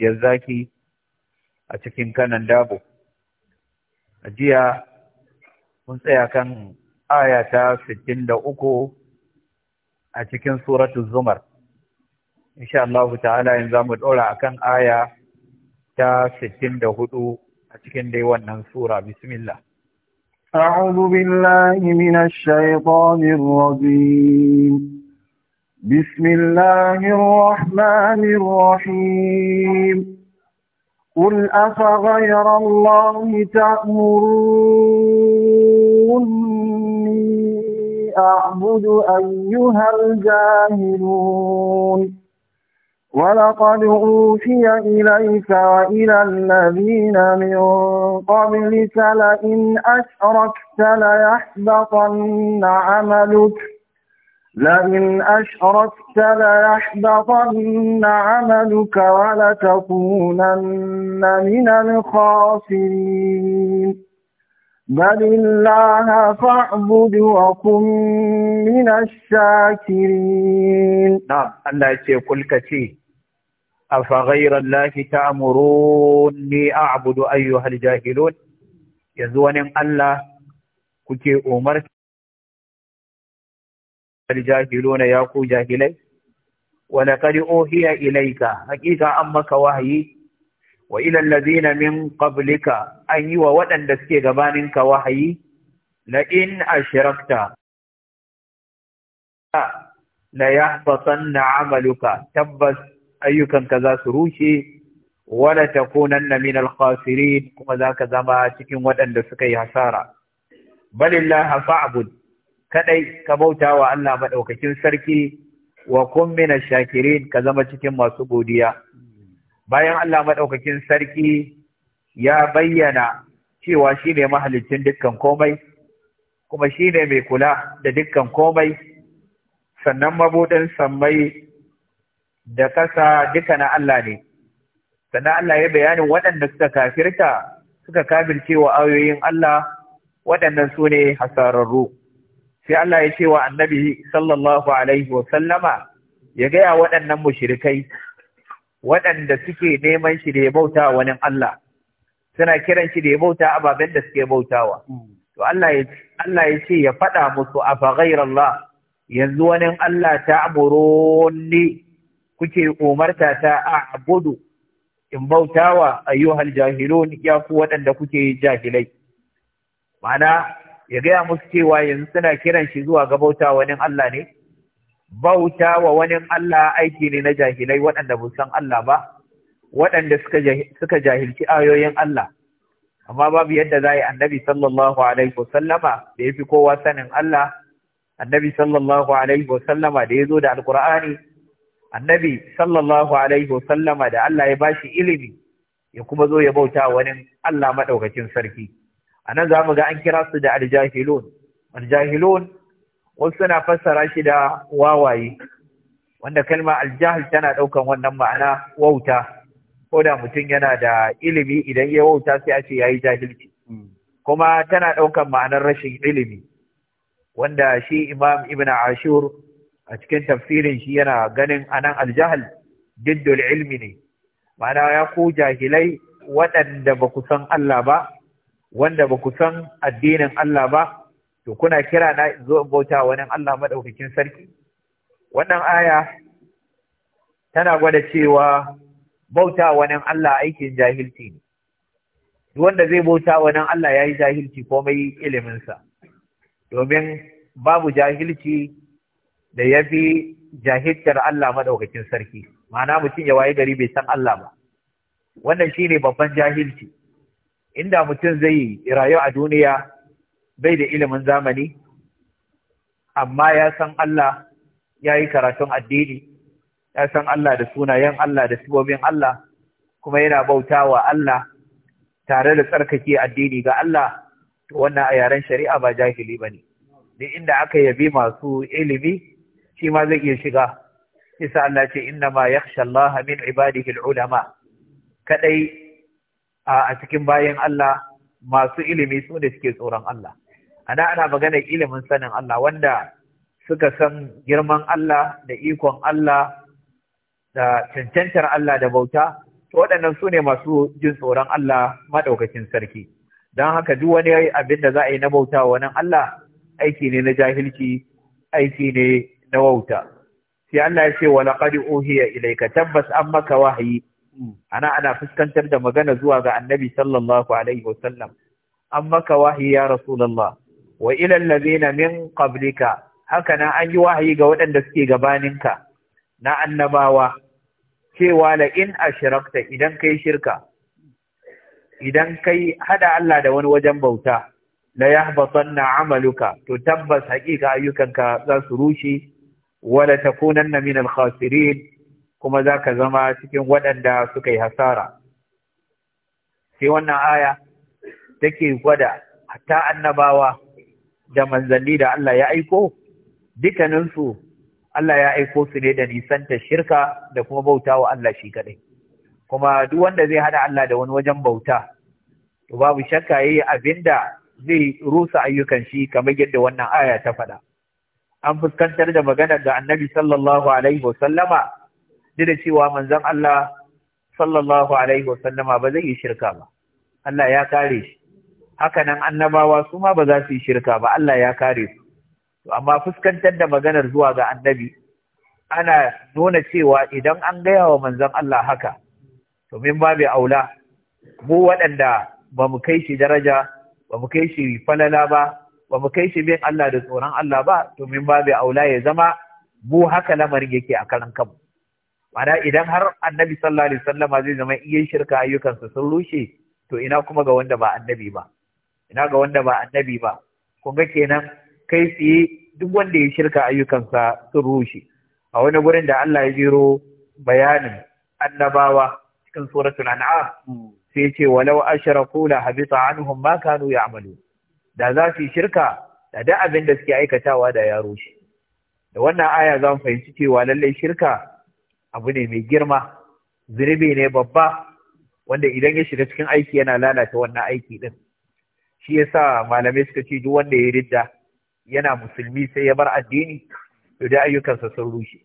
ya zaki a cikin kanan dabo. A jiya mun tsaya kan aya da uku a cikin suratun Zumar. Insha Allah ta'ala yanzu za mu ɗora a kan aya ta da hudu a cikin dai wannan sura bismillah. أعوذ بالله من الشيطان الرجيم بسم الله الرحمن الرحيم قل أفغير الله تأمروني أعبد أيها الجاهلون ولقد أوحي إليك وإلى الذين من قبلك لئن أشركت ليحبطن عملك لئن أشركت ليحبطن عملك ولتكونن من الخاسرين بل الله فاعبد وكن من الشاكرين نعم الله يقول كثير أفغير الله تأمروني أعبد أيها الجاهلون يزون الله kuke الجاهلون ياكو جاهلي ولقد أوهي إليك حقيقة أمك وحي وإلى الذين من قبلك أي وودن دسكي غبانك وحي لئن أشركت ليحبطن عملك تبس أيك كذا سروشي ولا تكونن من الخاسرين كما ذاك زما cikin waɗanda suka yi hasara بل الله فاعبد kadai ka bauta wa Allah madaukakin sarki wa kun mina shakirin ka zama cikin masu godiya bayan Allah madaukakin sarki ya bayyana cewa shine mahalicin dukkan komai kuma shine mai kula da dukkan komai sannan mabudin sammai da kasa duka na Allah ne sannan Allah ya bayanin waɗanda suka kafirta suka kafirce wa ayoyin Allah waɗannan sune hasararru sai Allah ya ce wa annabi sallallahu alaihi wa sallama ya gaya waɗannan mushirikai waɗanda suke neman shi da ya bauta wani Allah suna kiran shi da ya bauta ababen da suke bautawa to Allah ya ce ya faɗa musu a ghairallah yanzu wani Allah ta ta'buruni kuke umarta ta a'budu in bautawa ayyuhal jahilun ya ku waɗanda kuke jahilai ma'ana ya gaya musu cewa yanzu suna kiran shi zuwa ga bauta wani Allah ne bauta wa wani Allah aiki ne na jahilai waɗanda ba san Allah ba waɗanda suka jahilci ayoyin Allah amma babu yadda za yi annabi sallallahu alaihi wasallama da ya fi kowa sanin Allah annabi sallallahu alaihi wasallama da ya zo da alkur'ani annabi sallallahu alaihi wasallama da Allah ya bashi ilimi ya kuma zo ya bauta wani Allah maɗaukacin sarki a nan za mu ga an kira su da aljahilun aljahilun wasu suna fassara shi da wawaye wanda kalma aljahil tana ɗaukan wannan ma'ana wauta ko da mutum yana da ilimi idan ya wauta sai a ce ya yi jahilci kuma tana ɗaukan ma'anar rashin ilimi wanda shi imam ibn ashur a cikin tafsirin shi yana ganin anan aljahal diddul ilmi ne ma'ana ya ku jahilai waɗanda ba ku san Allah ba wanda ba ku san addinin Allah ba to kuna kira na zo in bauta wani Allah maɗaukakin sarki wannan aya tana gwada cewa bauta wani Allah aikin jahilci ne wanda zai bauta wani Allah ya yi jahilci komai mai iliminsa, domin babu jahilci da ya fi jahilcar Allah maɗaukakin sarki ma'ana mutum ya wayi gari bai san Allah ba wannan shi ne babban jahilci inda mutum zai yi rayu a duniya bai da ilimin zamani amma ya san Allah ya yi karatun addini ya san Allah da sunayen Allah da sibobin Allah kuma yana bautawa Allah tare da tsarkake addini ga Allah to wannan a yaren shari'a ba jahili ba ne. duk inda aka yabi masu ilimi shi ma zai iya shiga isa Allah ce inna ma yakhsha Allah min ibadihi ulama kadai a cikin bayan Allah masu ilimi su ne suke tsoron Allah ana ana maganar ilimin sanin Allah wanda suka san girman Allah da ikon Allah da cancantar Allah da bauta to waɗannan su ne masu jin tsoron Allah maɗaukacin sarki don haka duk wani abin da za a yi na bauta wa nan Allah aiki ne na jahilci aiki ne na wauta sai Allah ya ce wa ohiya ilai ka tabbas an maka wahayi ana ana fuskantar da magana zuwa ga annabi sallallahu alaihi wasallam an maka wahayi ya rasulullah wa ila allazina min qablika haka na an yi wahayi ga waɗanda suke gabaninka na annabawa cewa la in ashrakta idan kai shirka idan kai hada Allah da wani wajen bauta la yahbatanna amaluka to tabbas ayyukan ayyukanka za su rushe wala takunanna min al-khasirin kuma za ka zama cikin waɗanda suka yi hasara sai wannan aya take gwada hatta annabawa da manzanni da Allah ya aiko dukkaninsu Allah ya aiko su ne da nisanta shirka da kuma bauta wa Allah shi kaɗai kuma duk wanda zai hada Allah da wani wajen bauta to babu shakka abin abinda zai rusa ayyukan shi kamar yadda wannan aya ta faɗa an fuskantar da maganar ga annabi sallallahu alaihi wasallama duk da cewa manzon Allah sallallahu alaihi wa sallama ba zai yi shirka ba Allah ya kare shi haka nan annabawa su ma ba za su yi shirka ba Allah ya kare su to amma fuskantar da maganar zuwa ga annabi ana nuna cewa idan an gaya wa manzon Allah haka to min babu aula mu waɗanda ba mu kai shi daraja ba mu kai shi falala ba ba mu kai shi bin Allah da tsoron Allah ba to min babu aula ya zama mu haka lamarin yake a karan kanmu Mana idan har annabi sallallahu alaihi wasallama zai zama iya shirka ayyukansa sun rushe, to ina kuma ga wanda ba annabi ba. Ina ga wanda ba annabi ba. Kun ga kenan kai tsaye duk wanda ya shirka ayyukansa sun rushe. A wani gurin da Allah ya jero bayanin annabawa cikin suratul an'am sai ce walau ashraku la habita anhum ma kanu ya'malu Da za su shirka da da abin da suke aikatawa da ya rushe. Da wannan aya za mu fahimci cewa lallai shirka abu ne mai girma zunubi ne babba wanda idan ya shiga cikin aiki yana lalata wannan aiki ɗin. shi yasa malamai suka ce duk wanda ya ridda yana musulmi sai ya bar addini to da ayyukansa sun rushe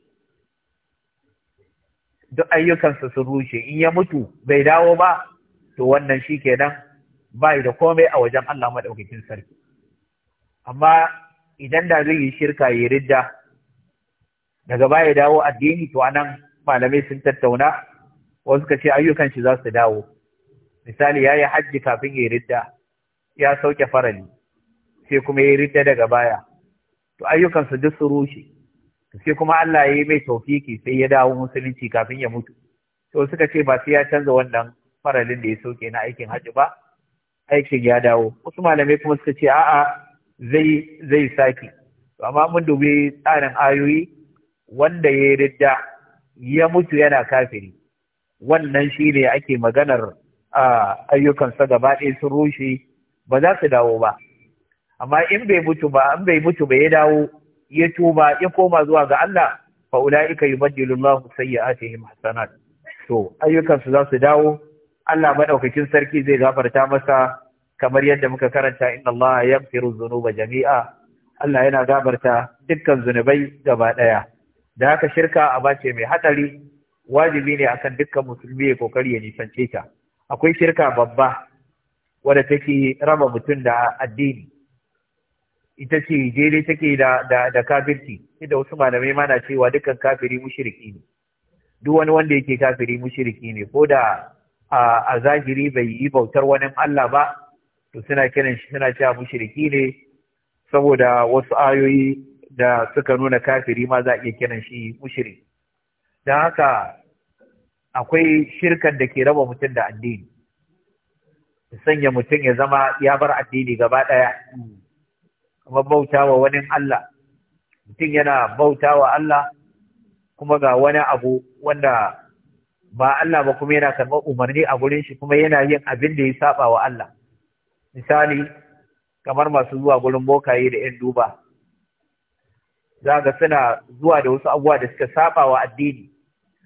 duk ayyukansa sun rushe in ya mutu bai dawo ba to wannan shi kenan bai da komai a wajen Allah madaukakin sarki amma idan da zai yi shirka ya ridda daga baya dawo addini to anan malamai sun tattauna wasu suka ce ayyukan shi za su dawo misali ya yi hajji kafin ya ridda ya sauke farali sai kuma ya ridda daga baya to ayyukansu duk su rushe sai kuma Allah ya yi mai taufiki sai ya dawo musulunci kafin ya mutu to suka ce ba sai ya canza wannan faralin da ya sauke na aikin hajji ba aikin ya dawo wasu malamai kuma suka ce a'a zai zai sake to amma mun dubi tsarin ayoyi wanda ya ridda ya mutu yana kafiri wannan shi ne ake maganar ayyukansa gaba ɗaya sun rushe ba za su dawo ba amma in bai mutu ba in bai mutu ba ya dawo ya tuba ya koma zuwa ga Allah fa ulaika yubaddilu Allah sayyi'atihim hasanat to ayyukansu za su dawo Allah madaukakin sarki zai gafarta masa kamar yadda muka karanta in Allah yaghfiru dhunuba jami'a Allah yana gabarta dukkan zunubai gaba ɗaya da haka shirka aba ce mai hatsari wajibi ne akan dukkan musulmi ya kokari ya nisance ta akwai shirka babba wadda take raba mutum da addini ita ce daidai take da da da kafirci inda wasu malamai ma na cewa dukkan kafiri mushriki ne duk wani wanda yake kafiri mushriki ne ko da a zahiri bai yi bautar wani Allah ba to suna kiran shi suna cewa mushriki ne saboda wasu ayoyi da suka nuna kafiri ma za a iya kiran shi mushiri. don haka akwai shirkan da ke raba mutum da addini sanya mutum ya zama ya bar addini gaba ɗaya kuma bauta wa wani Allah mutum yana bauta wa Allah kuma ga wani abu wanda ba Allah ba kuma yana karɓar umarni a gurin shi kuma yana yin abin da ya saba wa Allah misali kamar masu zuwa gurin bokaye da 'yan duba za ga suna zuwa da wasu abubuwa da suka saba wa addini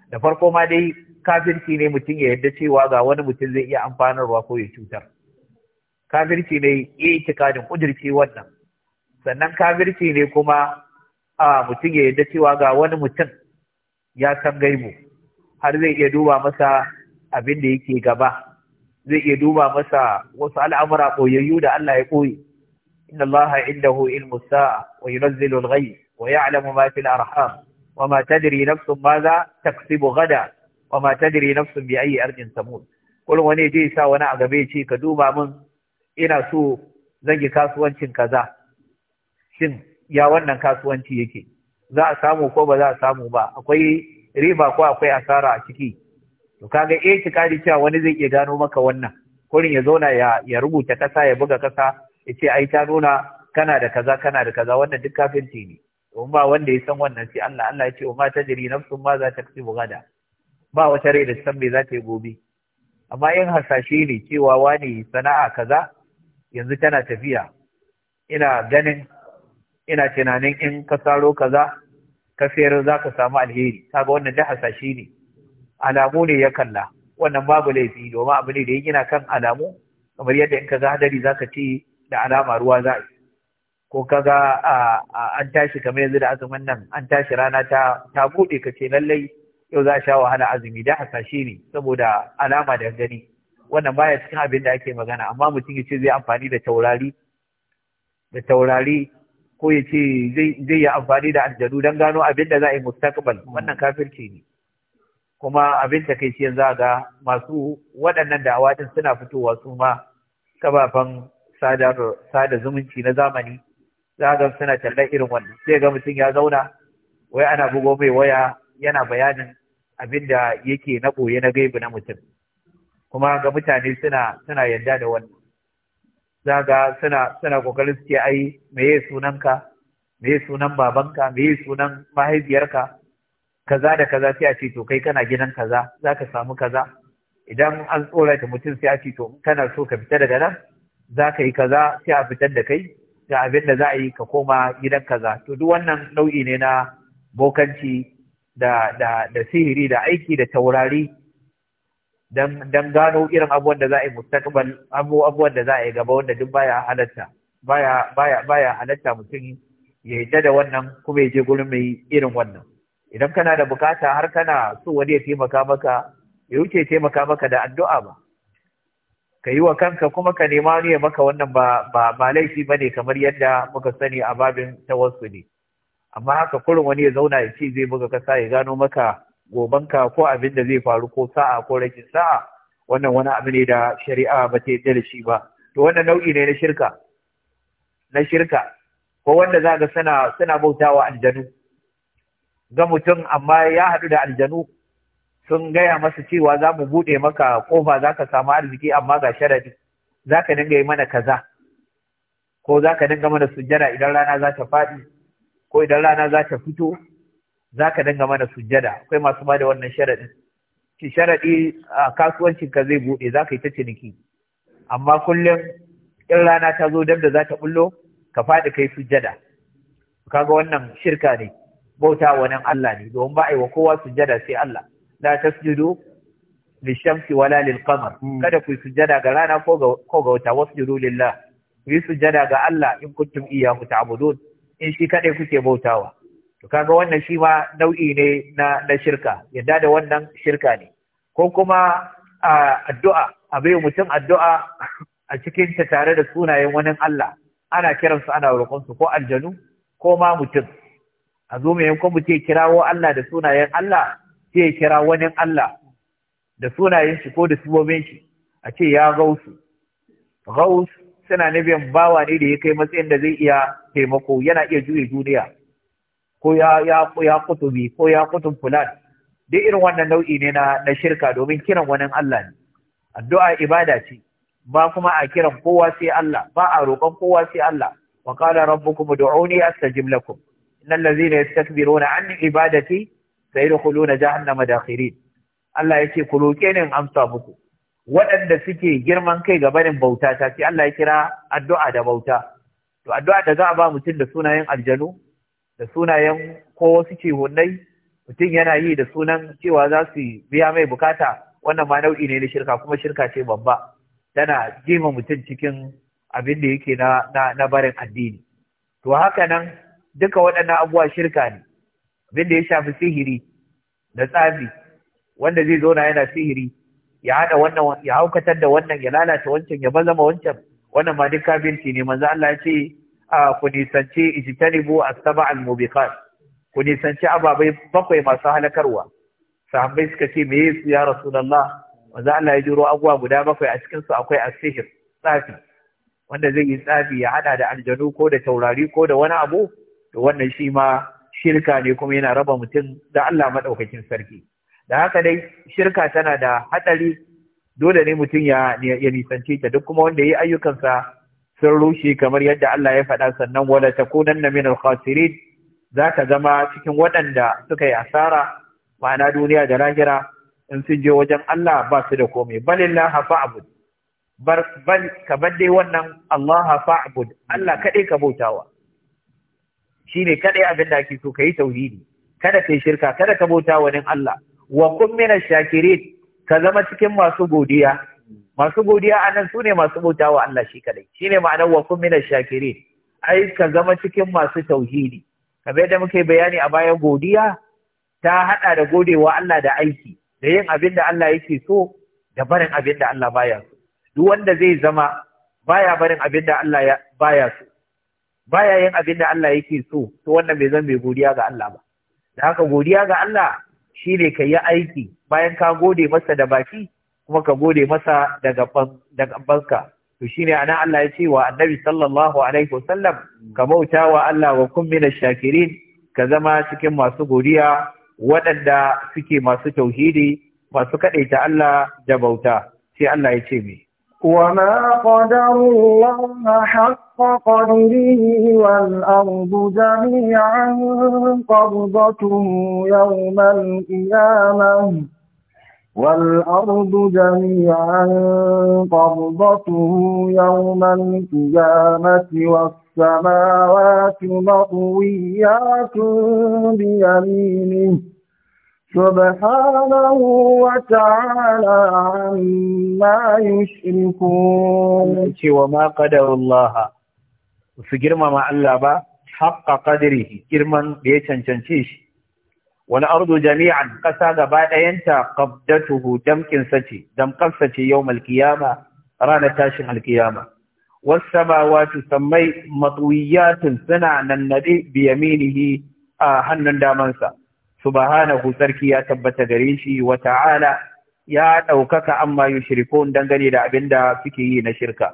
da farko ma dai kafirci ne mutum ya yadda cewa ga wani mutum zai iya amfanarwa ko ya cutar kafirci ne itikadin kudirce wannan sannan kafirci ne kuma a mutum ya yadda cewa ga wani mutum ya san gaibu har zai iya duba masa abin da yake gaba zai iya duba masa wasu al'amura koyayyu da Allah ya koyi inna Allah indahu ilmu sa'a wa yunzilu al-ghayb ويعلم ما في الأرحام وما تدري نفس ماذا تكسب غدا وما تدري نفس بأي أرض تموت kullum wani je sa wani a gabe ce ka duba min ina so zan yi kasuwancin kaza shin ya wannan kasuwanci yake za a samu ko ba za a samu ba akwai riba ko akwai asara a ciki to kaga eh kadi cewa wani zai iya gano maka wannan kurin ya zauna ya ya rubuta kasa ya buga kasa ya ce ai ta nuna kana da kaza kana da kaza wannan duk kafirci ne domin ba wanda ya san wannan sai Allah Allah ya ce wa ma na nafsun ma za ta kasibu gada ba wata rai da san me za ta yi gobe amma in hasashe ne cewa wani sana'a kaza yanzu tana tafiya ina ganin ina tunanin in ka saro kaza ka sayar za ka samu alheri ga wannan da hasashe ne alamu ne ya kalla wannan babu laifi domin abu ne da ya gina kan alamu kamar yadda in ka ga hadari za ka ce da alama ruwa za a yi ko kaga an tashi kamar yanzu da azumin nan an tashi rana ta ta bude ka ce lallai yau za a sha wahala azumi da hasashe ne saboda alama da gani wannan baya cikin abin da ake magana amma mutum ya ce zai amfani da taurari da taurari ko ya ce zai yi amfani da aljanu don gano abin da za a yi mustaqbal wannan kafirci ne kuma abin ta kai yanzu ga masu waɗannan da'awatin suna fitowa su ma kafafen sada zumunci na zamani za ga suna tallar irin wannan sai ga mutum ya zauna wai ana bugo mai waya yana bayanin abin da yake na ɓoye na gaibu na mutum kuma ga mutane suna suna yarda da wannan za ga suna suna kokarin su ai meye sunanka meye sunan babanka meye sunan mahaifiyarka kaza da kaza sai a ce to kai kana gidan kaza za ka samu kaza idan an tsorata mutum sai a ce to kana so ka fita daga nan za ka yi kaza sai a fitar da kai ga abin da za a yi ka koma gidan kaza to duk wannan nau'i ne na bokanci da da da sihiri da aiki da taurari dan dan gano irin abubuwan da za a yi mustaqbal abubuwan da za a yi gaba wanda duk baya halatta baya baya baya halatta mutum ya yadda da wannan kuma ya je gurin mai irin wannan idan kana da bukata har kana so wani ya taimaka maka ya wuce taimaka maka da addu'a ba ka yi wa kanka kuma ka nema ne maka wannan ba ba ba ne kamar yadda muka sani a babin ne. amma haka kurin wani ya zauna ya ce zai buga kasa ya gano maka gobanka ko abin da zai faru ko sa'a ko rashin sa'a wannan wani abu ne da shari'a ba ta yarda da shi ba to wannan nau'i ne na shirka na shirka ko wanda za ga suna suna bautawa aljanu ga mutum amma ya haɗu da aljanu sun gaya masa cewa za mu buɗe maka ƙofa za ka samu arziki amma ga sharadi za ka dinga yi mana kaza ko za ka dinga mana sujjada idan rana za ta faɗi ko idan rana za ta fito za ka dinga mana sujjada akwai masu ba da wannan sharadi ki sharaɗi a kasuwancinka zai buɗe za ka yi ta ciniki amma kullum in rana ta zo dab da za ta bullo ka faɗi kai sujjada kaga wannan shirka ne bauta wa nan Allah ne domin ba a yi wa kowa sujjada sai Allah la tasjudu lishamsi wala lilqamar hmm. kada ku sujada ga rana ko ga wata wasjudu lillah ku sujada ga Allah in kuntum iyyahu ta'budun in shi ku kuke bautawa to kaga wannan shi ma nau'i ne na na shirka yadda da wannan shirka ne ko kuma addu'a a mutum addu'a a cikin ta tare da sunayen wani Allah ana kiransu ana roƙonsu ko aljanu ko ma mutum a zo mai yankon mutum kirawo Allah da sunayen Allah sai ya kira wani Allah da sunayen shi ko da sibobin shi a ce ya gausu gaus suna nufin bawa ne da ya kai matsayin da zai iya taimako yana iya juye duniya ko ya ya ya kutubi ko ya kutun fulan duk irin wannan nau'i ne na na shirka domin kiran wani Allah ne addu'a ibada ce ba kuma a kiran kowa sai Allah ba a roƙon kowa sai Allah wa qala rabbukum ud'uni astajib lakum innal ladzina yastakbiruna an ibadati sai da kulu na jahannama da Allah ya ce ku roke ni amsa muku waɗanda suke girman kai ga barin bauta ta ce Allah ya kira addu'a da bauta to addu'a da za a ba mutum da sunayen aljanu da sunayen ko wasu ce hunnai mutum yana yi da sunan cewa za su biya mai bukata wannan ma nau'i ne na shirka kuma shirka ce babba tana jima mutum cikin abin da yake na na barin addini to haka nan duka waɗannan abubuwa shirka ne abin da ya shafi sihiri da tsafi wanda zai zauna yana sihiri ya hada wannan ya haukatar da wannan ya lalata wancan ya bazama wancan wannan ma duk kafirci ne manzo Allah ya ce a ku nisanci ijtanibu as al-mubiqat ku nisanci ababai bakwai masu halakarwa sahabbai suka ce me Yesu ya rasulullah manzo Allah ya jiro abuwa guda bakwai a cikin su akwai as sihir tsafi wanda zai yi tsafi ya hada da aljanu ko da taurari ko da wani abu to wannan shi ma shirka ne kuma yana raba mutum da Allah maɗaukakin sarki da haka dai shirka tana da hatsari dole ne mutum ya ya nisance ta duk kuma wanda yi ayyukansa sun rushe kamar yadda Allah ya faɗa sannan wala takunanna minal khasirin za ka zama cikin waɗanda suka yi asara ma'ana duniya da lahira in sun je wajen Allah ba su da komai balillah abu, bar bal ka bar dai wannan Allah fa'bud Allah kaɗai ka bautawa shine kadai abin da ake so kai tauhidi kada kai shirka kada ka bauta wa wani Allah wa kun min shakirin ka zama cikin masu godiya masu godiya anan sune masu bauta wa Allah shi kadai shine ma'anar wa kun min shakirin ai ka zama cikin masu tauhidi kamar da muke bayani a bayan godiya ta hada da godewa Allah da aiki da yin abin da Allah yake so da barin abin da Allah baya so duk wanda zai zama baya barin abin da Allah baya so baya yin abin da Allah yake so to wannan bai zan mai godiya ga Allah ba da haka godiya ga Allah shine ka yi aiki bayan ka gode masa da baki kuma ka gode masa da gaban gabanka to shine ana Allah ya ce wa Annabi sallallahu alaihi wasallam ka bauta wa Allah wa kun minash shakirin ka zama cikin masu godiya waɗanda suke masu tauhidi masu kaɗaita Allah da bauta sai Allah ya ce mai وما قدر الله حق قدره والأرض جميعا قبضته يوم القيامة والأرض جميعا قبضته يوم القيامة والسماوات مطويات بيمينه سبحانه وتعالى عما يشركون وما قدر الله فجرم مع الله با حق قدره جرما بيتنشنشيش والأرض جميعا قسا بعد أنت قبضته دمكن ستي دمكن ستي يوم القيامة رانا تاشن القيامة والسماوات سمي مطويات سنع النبي بيمينه آه هنن دامنسا subhanahu sarki ya tabbata gare shi wa ta'ala ya ɗaukaka amma yushrikun dangane da abin da suke yi na shirka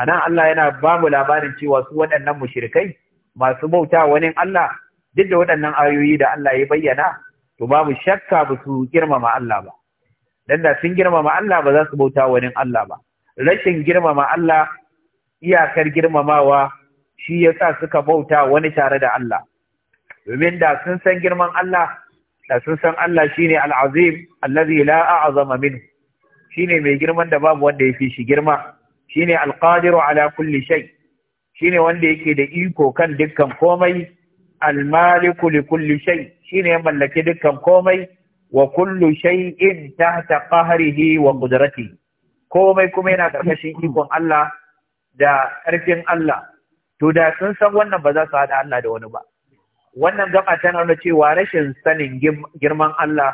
anan Allah yana ba mu labarin cewa su waɗannan mushrikai masu bauta wani Allah duk da waɗannan ayoyi da Allah ya bayyana to babu shakka ba su girmama Allah ba dan da sun girmama Allah ba za su bauta wani Allah ba rashin girmama Allah iyakar girmamawa shi yasa suka bauta wani tare da Allah domin da sun san girman Allah da sun san Allah shine al'azim azim allazi la shi shine mai girman da babu wanda ya fi shi girma shine ne alƙadiru ala kulli shi shine wanda yake da iko kan dukkan komai almaliku li kulli shine ya mallaki dukkan komai wa kullu ta ta ƙaharihi wa qudratihi komai kuma yana karkashin ikon Allah da ƙarfin Allah to da sun san wannan ba za su haɗa Allah da wani ba wannan gaba tana nuna cewa rashin sanin girman Allah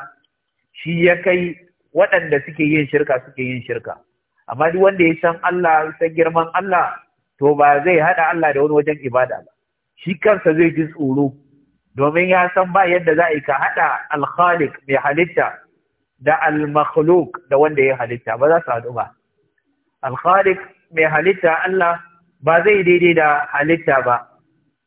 shi ya kai waɗanda suke yin shirka suke yin shirka amma duk wanda ya san Allah san girman Allah to ba zai haɗa Allah da wani wajen ibada ba shi kansa zai ji tsoro domin ya san ba yadda za a yi ka haɗa alkhalik mai halitta da almakhluk da wanda ya halitta ba za su haɗu ba alkhalik mai halitta Allah ba zai daidai da halitta ba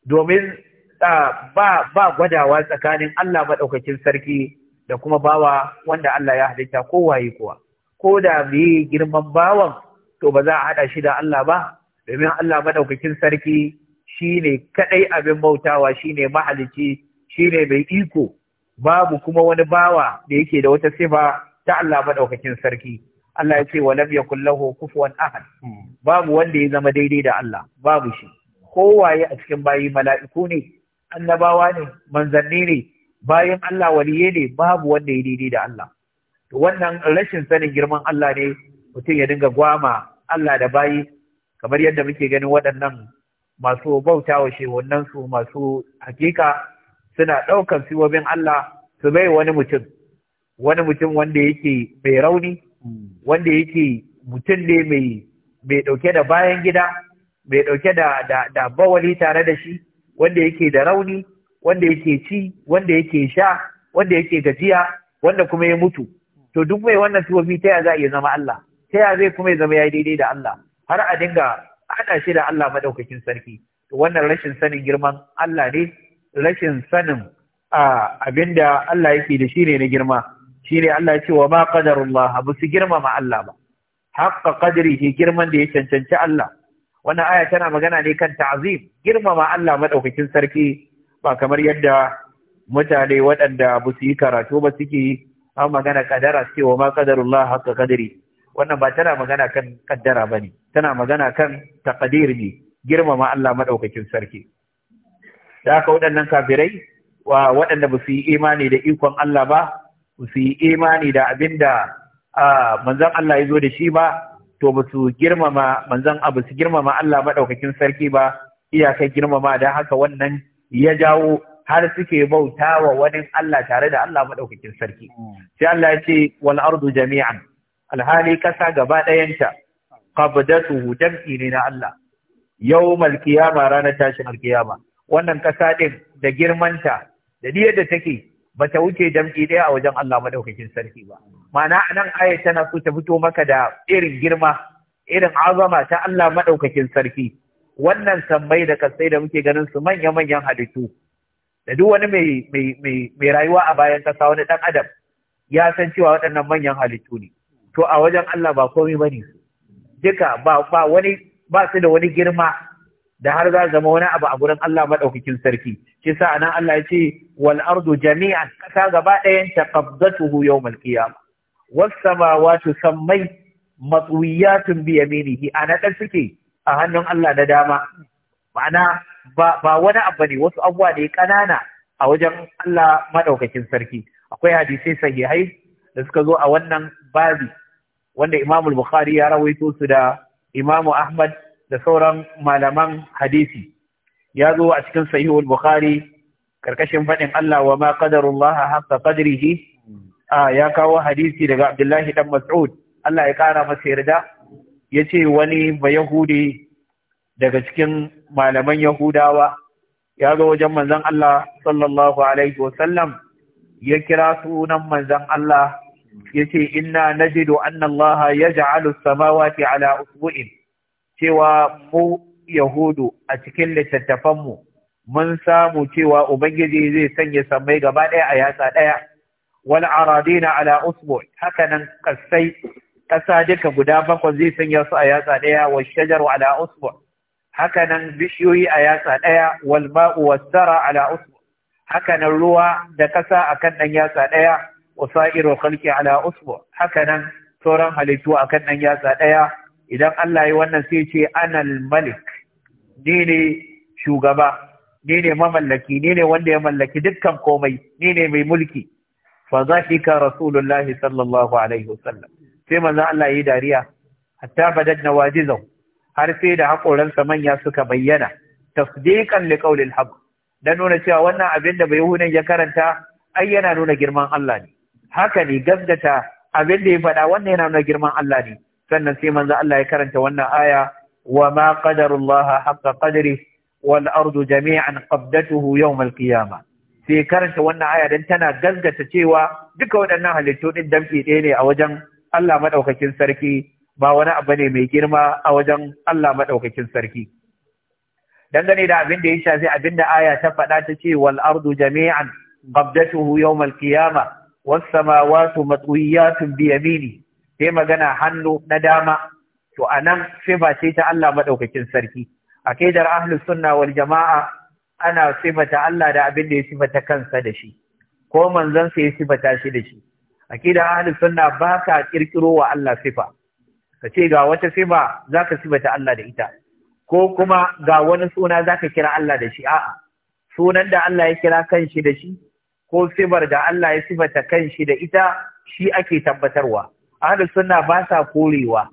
domin ba ba gwadawa tsakanin Allah maɗaukakin sarki da kuma bawa wanda Allah ya halitta kowaye kuwa ko da mai girman bawan to ba za a haɗa shi da Allah ba domin Allah maɗaukakin sarki shine kaɗai abin bautawa shine mahalici shine mai iko babu kuma wani bawa da yake da wata sifa ta Allah maɗaukakin sarki Allah ya ce wa lam yakul lahu kufuwan ahad hmm. babu wanda ya zama daidai da Allah babu shi kowaye a cikin bayi mala'iku ne annabawa ne manzanni ne bayan Allah waliye ne babu wanda ya daidai da Allah to wannan rashin sanin girman Allah ne mutum ya dinga gwama Allah da bayi kamar yadda muke ganin waɗannan masu bautawa shehunan su masu hakika suna ɗaukar siwobin Allah su bai wani mutum wani mutum wanda yake mai rauni wanda yake mutum ne mai ɗauke da bayan gida mai ɗauke da bawali tare da shi wanda yake da rauni wanda yake ci wanda yake sha wanda yake gajiya wanda kuma ya mutu to duk mai wannan tuwafi ta ya za a iya zama Allah ta ya zai kuma ya zama ya daidai da Allah har a dinga haɗa shi da Allah madaukakin sarki to wannan rashin sanin girman Allah ne rashin sanin abinda Allah yake da shi ne na girma shi ne Allah cewa ba wa ma ba su girmama Allah ba haqqa qadrihi girman da ya cancanci Allah wannan aya tana magana ne kan ta'zim girmama Allah madaukakin sarki ba kamar yadda mutane waɗanda ba su yi karatu ba suke an magana kadara cewa ma qadarullah haqqa qadri wannan ba tana magana kan kaddara bane tana magana kan taqdir ne girmama Allah madaukakin sarki da haka waɗannan kafirai wa waɗanda ba su yi imani da ikon Allah ba ba su yi imani da abinda manzon Allah ya zo da shi ba to ba su girmama manzon abu su girmama Allah maɗaukakin sarki ba Iyakai girmama da haka wannan ya jawo har suke bauta wa wani Allah tare da Allah maɗaukakin sarki sai Allah ya ce wal ardu jami'an alhali kasa gaba ɗayanta qabdatuhu jam'i ne na Allah Yau qiyama ranar tashin alqiyama wannan kasa ɗin da girmanta da diyar da take bata wuce jam'i ɗaya a wajen Allah maɗaukakin sarki ba ma'ana nan aya tana so ta fito maka da irin girma irin azama ta Allah maɗaukakin sarki wannan tambayi da kasai da muke ganin su manya-manyan halittu da duk wani mai rayuwa a bayan kasa wani dan adam ya san cewa waɗannan manyan halittu ne to a wajen Allah ba komai bane su duka ba su da wani girma da har za zama wani abu a gurin Allah madaukakin sarki shi sa anan Allah ya ce wal jami'an kasa gaba ɗayan ta yau yawmal qiyamah wasu samawati sammai matwiyatun biya yaminihi a naɗa suke a hannun Allah na dama ma'ana ba wani abu ne wasu abuwa ne ƙanana a wajen Allah maɗaukakin sarki akwai hadisai sahihai da suka zo a wannan babi wanda imamul Bukhari ya rawaito su da imamu Ahmad da sauran malaman hadisi ya zo a cikin sahihul Bukhari karkashin faɗin Allah wa ma qadarullah haqqa qadrihi ya kawo hadisi daga Abdullahi dan Mas'ud Allah ya kara masa yarda yace wani ba Yahudi daga cikin malaman Yahudawa ya ga wajen manzon Allah sallallahu alaihi wasallam ya kira sunan manzon Allah yace inna najidu anna Allah yaj'alu as-samawati ala usbu'in cewa mu Yahudu a cikin littattafan mu. mun samu cewa Ubangiji zai sanya samai gaba ɗaya a yatsa ɗaya wal aradina ala usbu haka nan kasai kasa duka guda bakwai zai sanya su a yatsa ɗaya, wa shajaru ala usbu haka bishiyoyi a yatsa daya wal ma'u wasara ala usbu haka ruwa da ƙasa akan dan yatsa ɗaya, wa sa'iru khalqi ala usbu haka nan sauran halittu akan dan yatsa ɗaya, idan Allah ya wannan sai ce anal malik ni ne shugaba ni ne mamallaki ni ne wanda ya mallaki dukkan komai ni ne mai mulki fa zahika rasulullahi sallallahu alaihi wasallam sai manzo Allah yi dariya hatta badat nawajizahu har sai da haƙoransa manya suka bayyana tasdiqan li qawli al dan nuna cewa wannan abin da bayahunan ya karanta ai yana nuna girman Allah ne haka ne gaskata abin da ya faɗa wannan yana nuna girman Allah ne sannan sai manzo Allah ya karanta wannan aya wa ma qadarullah haqqa qadri wal ardu jami'an ƙabdatuhu yawm al sai karanta wannan aya dan tana gaskata cewa duka waɗannan halittu din damfi ɗaya ne a wajen Allah maɗaukakin sarki ba wani abu ne mai girma a wajen Allah maɗaukakin sarki dangane da abin da ya shafi abin da aya ta faɗa ta ce wal ardu jami'an qabdatuhu Kiyama, al qiyama was samawati matwiyatun bi yamini sai magana hannu na dama to anan ba ce ta Allah maɗaukakin sarki akidar ahlus sunna wal jama'a ana sifata Allah da abin da ya sifata kansa da shi ko manzansa ya sifata shi da shi akida ahli sunna ba ka kirkiro wa Allah sifa ka ce ga wata sifa zaka sifata Allah da ita ko kuma ga wani suna zaka kira Allah da shi a'a sunan da Allah ya kira kanshi da shi ko sifar da Allah ya sifata kanshi da ita shi ake tabbatarwa ahli sunna ba sa korewa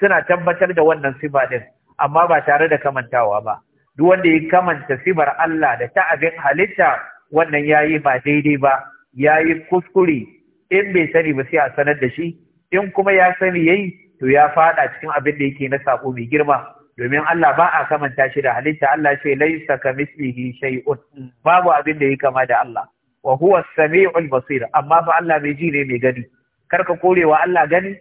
suna tabbatar da wannan sifa din amma ba tare da kamantawa ba duk wanda ya kamanta sifar Allah da ta abin halitta wannan ya yi ba daidai ba ya yi kuskure in bai sani ba sai a sanar da shi in kuma ya sani ya yi to ya fada cikin abin da yake na sako mai girma domin Allah ba a kamanta shi da halitta Allah ce laisa mislihi shay'un babu abin da yake kama da Allah wa huwa as-sami'ul basir amma fa Allah bai ji ne mai gani karka korewa Allah gani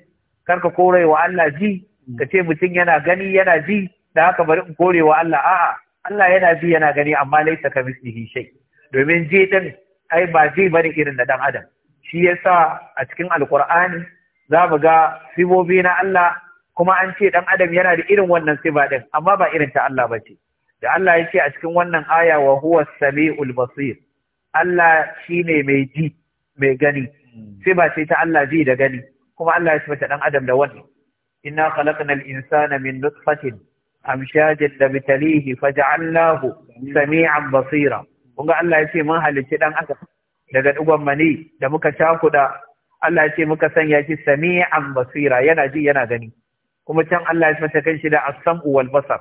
karka korewa Allah ji ka ce mutum yana gani yana ji da haka bari in kore wa Allah a'a Allah yana bi yana gani amma laisa ka mislihi shay domin je dan ai ba je bari irin da dan adam shi yasa a cikin alqur'ani za mu ga sibobi na Allah kuma an ce dan adam yana da irin wannan siba din amma ba irin ta Allah bace da Allah yake a cikin wannan aya wa huwa samiul basir Allah shine mai ji mai gani siba ce ta Allah ji da gani kuma Allah ya sifata dan adam da wannan inna khalaqnal insana min nutfatin amshajin da bitalihi faja'allahu sami'an basira kunga Allah yace mun halicci dan aka daga dugon mani da muka da. Allah ce muka sanya shi sami'an basira yana ji yana gani kuma can Allah ya mata kanshi da as-sam'u wal basar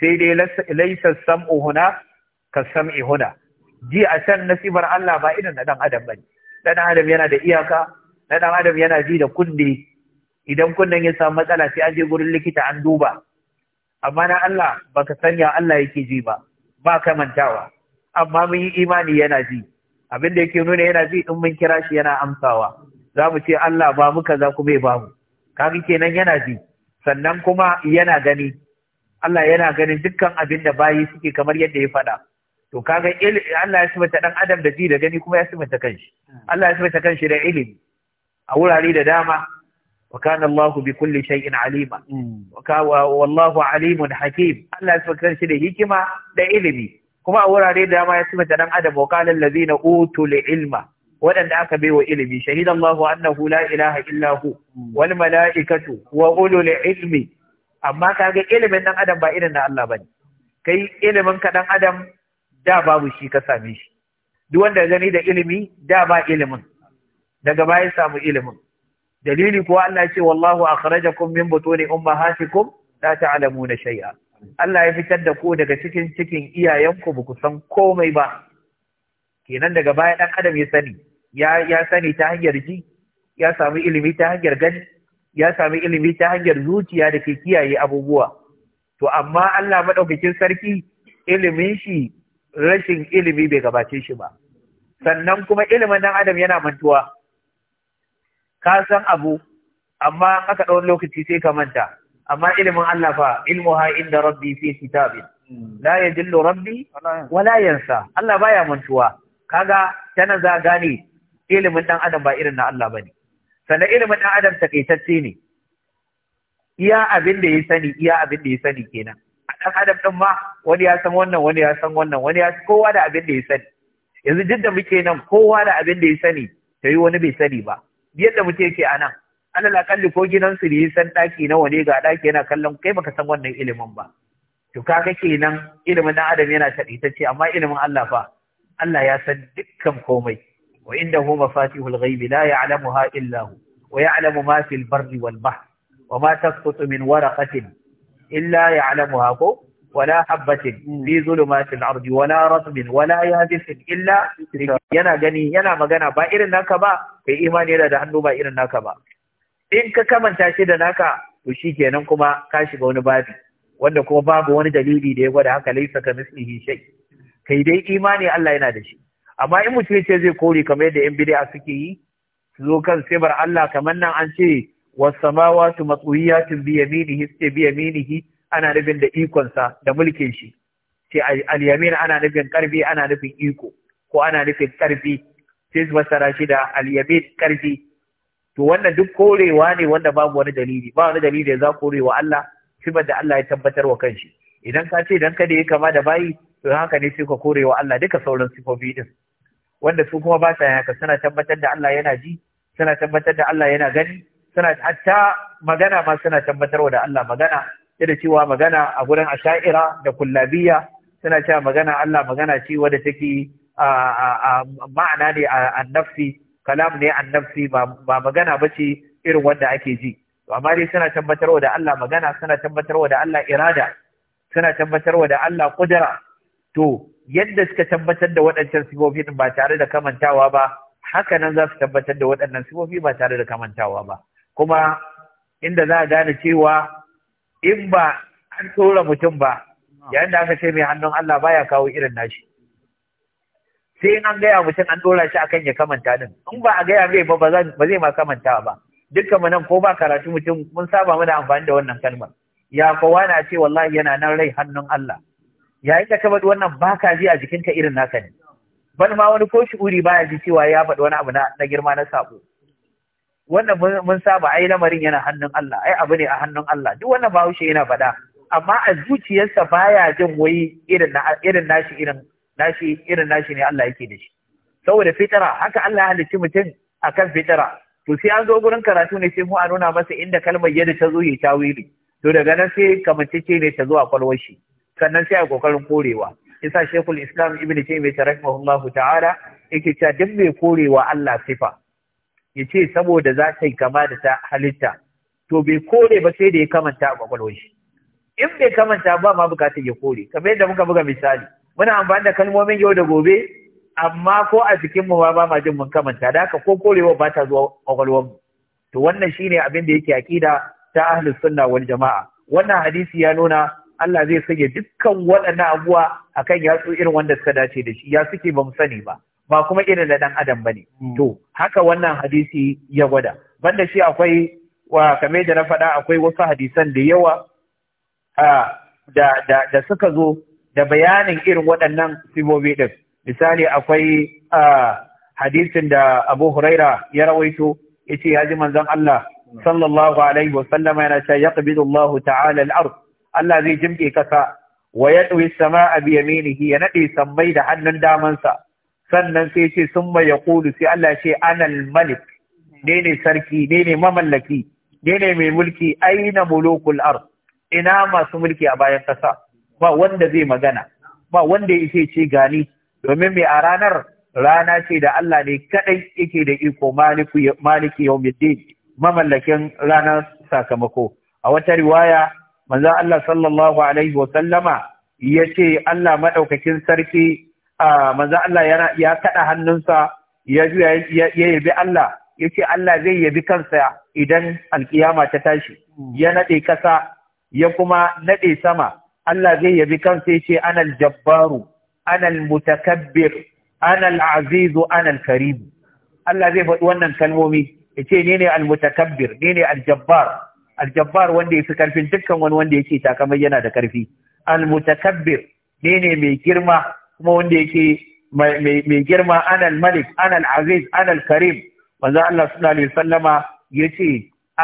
sai dai laysa as-sam'u huna ka sam'i huna ji a can nasibar Allah ba idan na dan adam bane dan adam yana da iyaka dan adam yana ji da kunne idan kunnen ya samu matsala sai an je gurin likita an duba amma na Allah baka sanya Allah yake ji ba ba ka mantawa amma mun yi imani yana ji abin da yake nuna yana ji in mun kira shi yana amsawa za mu ce Allah ba mu kaza kuma ba mu kaga kenan yana ji sannan kuma yana gani Allah yana ganin dukkan abin da bayi suke kamar yadda ya faɗa to kaga Allah ya sifata dan adam da ji da gani kuma ya sifata kanshi hmm. Allah ya sifata kanshi da ilimi a wurare da dama وكان الله بكل شيء عليما والله عليم حكيم الله سبحانه da hikima da ilimi kuma a wurare da ma ya sifata dan adam wa qala allazina utul ilma waɗanda aka baiwa ilimi shahida Allahu annahu la ilaha illa hu mm. wal malaikatu wa ulul ilmi amma ka ga ilimin dan adam ba irin na Allah bane kai ilimin kaɗan adam da babu shi ka same shi duk wanda gani da ilimi da ba ilimin daga baya samu ilimin dalili kuwa Allah ce wallahu akhrajakum min butuni ummahatikum la ta'lamuna shay'a Allah ya fitar da ku daga cikin cikin iyayenku ba ku san komai ba kenan daga baya dan adam ya sani ya sani ta hanyar ji ya sami ilimi ta hanyar gani ya sami ilimi ta hanyar zuciya da ke kiyaye abubuwa to amma Allah madaukakin sarki ilimin shi rashin ilimi bai gabace shi ba sannan kuma ilimin dan adam yana mantuwa ka san abu amma aka ɗau lokaci sai ka manta amma ilimin Allah fa ha inda rabbi fi kitabin la yadillu rabbi wala yansa Allah baya mantuwa kaga tana za gane ilimin dan adam ba irin na Allah bane sannan ilimin dan adam takaitacce ne iya abin da ya sani iya abin da ya sani kenan dan adam din ma wani ya san wannan wani ya san wannan wani ya kowa da abin da ya sani yanzu duk da muke nan kowa da abin da ya sani tayi wani bai sani ba yadda muke yake a nan alal akalli ko gidan da yi san ɗaki nawa ne ga ɗaki yana kallon kai baka san wannan ilimin ba to kaga kenan ilimin dan adam yana taɗaitacce amma ilimin Allah fa Allah ya san dukkan komai wa indahu mafatihul ghaibi la ya'lamuha illa hu wa ya'lamu ma fil barri wal bahr wa ma tasqutu min waraqatin illa ya'lamuha ko wala habbatin fi zulumatil ardi wala ratbin wala yabsin illa yana gani yana magana ba irin naka ba kai imani yana da hannu ba irin naka ba in ka kamanta shi da naka to kenan kuma ka shiga wani babi wanda kuma babu wani dalili da ya gwada haka laisa ka mislihi shay kai dai imani Allah yana da shi amma in mutum ce zai kore kamar yadda yan bid'a suke yi su zo kan sibar Allah kaman nan an ce was samawati matwiyatun bi yaminihi bi yaminihi ana nufin da ikonsa da mulkin shi sai al ana nufin karfi ana nufin iko ko ana nufin karfi sai su fassara shi da al karfi to wannan duk korewa ne wanda babu wani dalili ba wani dalili za korewa Allah sifar da Allah ya tabbatar wa kanshi idan ka ce dan kada ya kama da bayi to haka ne sai ka korewa Allah duka sauran sifofi din wanda su kuma ba sa suna tabbatar da Allah yana ji suna tabbatar da Allah yana gani suna hatta magana ma suna tabbatarwa da Allah magana da cewa magana a gurin asha'ira da kullabiya suna cewa magana Allah magana ce wadda take ma'ana ne a nafsi kalam ne a nafsi ba magana ba ce irin wanda ake ji amma dai suna wa da Allah magana suna wa da Allah irada suna wa da Allah kudura to yadda suka tabbatar da waɗancan sifofin ba tare da kamantawa ba haka nan za su tabbatar da waɗannan sifofi ba tare da kamantawa ba kuma inda za a gane cewa in ba an tura mutum ba yayin da aka ce mai hannun Allah baya kawo irin nashi sai in an gaya mutum an dora shi akan ya kamanta din in ba a gaya mai ba ba zai ma kamanta ba dukkan mu nan ko ba karatu mutum mun saba muna amfani da wannan kalmar ya kowa na ce wallahi yana nan rai hannun Allah yayin da ka wannan ba ka ji a jikinka irin naka ne ban ma wani ko ba baya ji cewa ya faɗi wani abu na girma na sako wannan mun saba ai lamarin yana hannun Allah ai abu ne a hannun Allah duk wannan bahaushe yana faɗa amma a zuciyarsa baya jin wai irin irin nashi irin nashi irin nashi ne Allah yake da shi saboda fitara haka Allah ya halicci mutum akan fitara to sai an zo gurin karatu ne sai mu a nuna masa inda kalmar yadda ta zo ya tawili to daga nan sai kamancece ne ta zo a kwalwar shi sannan sai a kokarin korewa yasa shekul islam Ibn taymiyyah rahimahullahu ta'ala yake cewa duk mai korewa Allah sifa ya ce saboda za ta yi kama da ta halitta to bai kore ba sai da ya kamanta a kwakwalwar shi in bai kamanta ba ma bukatar ya kore kamar yadda muka buga misali muna amfani da kalmomin yau da gobe amma ko a jikin mu ba ma jin mun kamanta da haka ko korewa ba ta zuwa kwakwalwar mu to wannan shine abin da yake akida ta ahlus sunna wal jama'a wannan hadisi ya nuna Allah zai sanya dukkan waɗannan abuwa akan yatsu irin wanda suka dace da shi ya suke ba mu sani ba ba kuma irin da ɗan adam bane hmm. To, haka wannan hadisi ya gwada. Banda shi akwai, wa kame da na faɗa akwai wasu hadisan da yawa da, suka zo da bayanin irin waɗannan sibobi ɗin. Misali akwai hadisin da Abu Huraira ya rawaito, ya ce ya ji manzon Allah hmm. sallallahu alaihi wa sallama yana cewa ya Allah ta'ala al-ard. Allah zai jimƙe kasa wa ya sama a biyaminihi ya naɗe sammai da hannun damansa. sannan sai ce sun mai sai Allah ce anal malik ne ne sarki ne ne mamallaki ne ne mai mulki aina mulukul ar ina masu mulki a bayan kasa ba wanda zai magana ba wanda ya ce ce gani domin mai a ranar rana ce da Allah ne kadai yake da iko maliki maliki mamallakin ranar sakamako a wata riwaya manzon Allah sallallahu alaihi wa sallama yace Allah madaukakin sarki manzan Allah ya kaɗa hannunsa ya juya ya yabi Allah ya ce Allah zai yabi kansa idan alkiyama ta tashi hmm. ya naɗe ƙasa ya kuma naɗe sama Allah zai yabi kansa ya ce anal jabbaru anal mutakabbir anal azizu anal Allah zai faɗi wannan kalmomi ya ce ni ne almutakabbir ni ne aljabbar aljabbar wanda ya fi karfin dukkan wani wanda yake takamai yana da karfi almutakabbir ni ne mai girma kuma wanda yake mai girma anal malik anal aziz anal karim manzo Allah sallallahu alaihi wasallama yace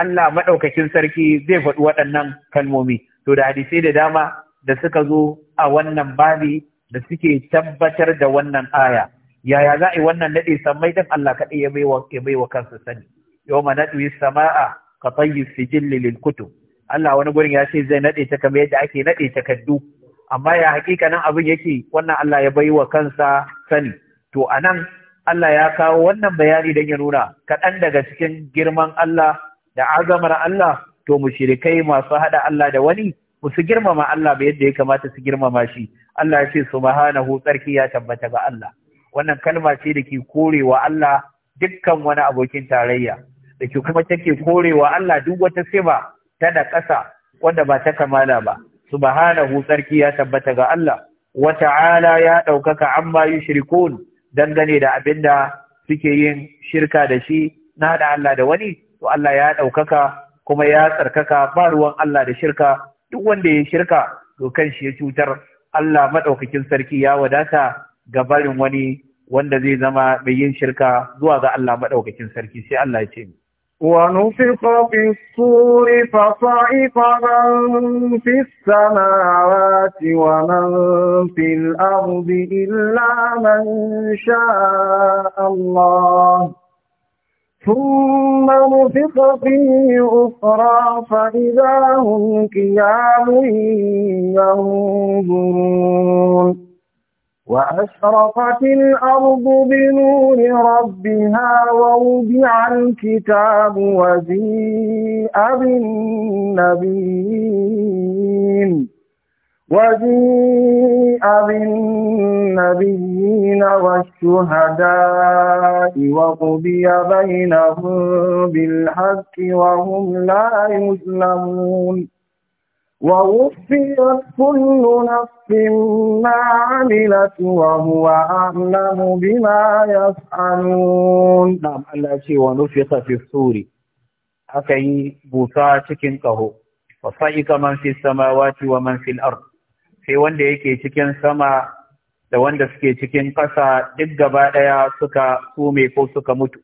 Allah madaukakin sarki zai faɗi waɗannan kalmomi to da hadisai da dama da suka zo a wannan babi da suke tabbatar da wannan aya yaya za a yi wannan nade sammai din Allah kaɗai ya wa ya kansa sani yawma nadwi samaa ka tayyi sijil lil kutub Allah wani gurin ya ce zai naɗe ta kamar yadda ake naɗe takaddu amma ya hakika nan abin yake wannan Allah ya bai wa kansa sani to anan Allah ya kawo wannan bayani don ya nuna kaɗan daga cikin girman Allah da azamar Allah to mu mushrikai masu haɗa Allah da wani su girmama Allah ba yadda ya kamata su girmama shi Allah ya ce su subhanahu tsarki ya tabbata ga Allah wannan kalma ce da ke korewa Allah dukkan wani abokin tarayya da ke kuma take korewa Allah duk wata ba ta da ƙasa wanda ba ta kamala ba subhanahu sarki ya tabbata ga Allah wa ta'ala ya ɗaukaka amma yushrikun dangane da abinda suke yin shirka da shi na da Allah da wani to Allah ya ɗaukaka kuma ya tsarkaka ba ruwan Allah da shirka duk wanda ya shirka to kan shi ya cutar Allah madaukakin sarki ya wadata ga barin wani wanda zai zama mai yin shirka zuwa ga Allah madaukakin sarki sai Allah ya ce mu ونفق في الصور فصعق من في السماوات ومن في الأرض إلا من شاء الله ثم نفق فيه أخرى فإذا هم كيام ينظرون وأشرقت الأرض بنور ربها ووضع الكتاب وزيء بالنبيين وجيء بالنبيين والشهداء وقضي بينهم بالحق وهم لا يسلمون ووفيت كل نفس ما عملت وهو أعلم بما يفعلون نعم الله شيء ونفخ في الصور أكي بوتاتك كهو وصيك من في السماوات ومن في الأرض sai wanda yake cikin sama da wanda suke cikin ƙasa duk gaba ɗaya suka sume ko suka mutu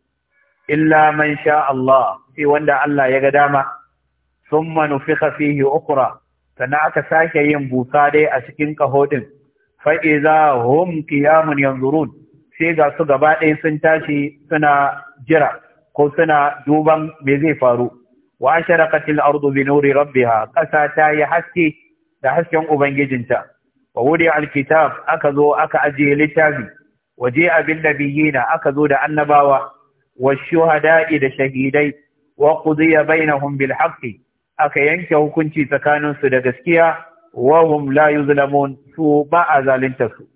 illa man sha Allah sai wanda Allah ya ga dama summa nufikha fihi ukhra sana aka sake yin busa dai a cikin kaho Fa'iza, fa iza hum qiyamun yanzurun sai ga su gaba ɗaya sun tashi suna jira ko suna duban me zai faru wa asharaqatil ardu bi nuri rabbiha ƙasa ta yi haske da hasken ubangijinta wa wuri alkitab aka zo aka ajiye littafi waje abin nabiyina aka zo da annabawa wa shuhada'i da shahidai wa qudiya bainahum bil haqqi aka yanke hukunci tsakaninsu da gaskiya wa hum la yuzlamun su ba a su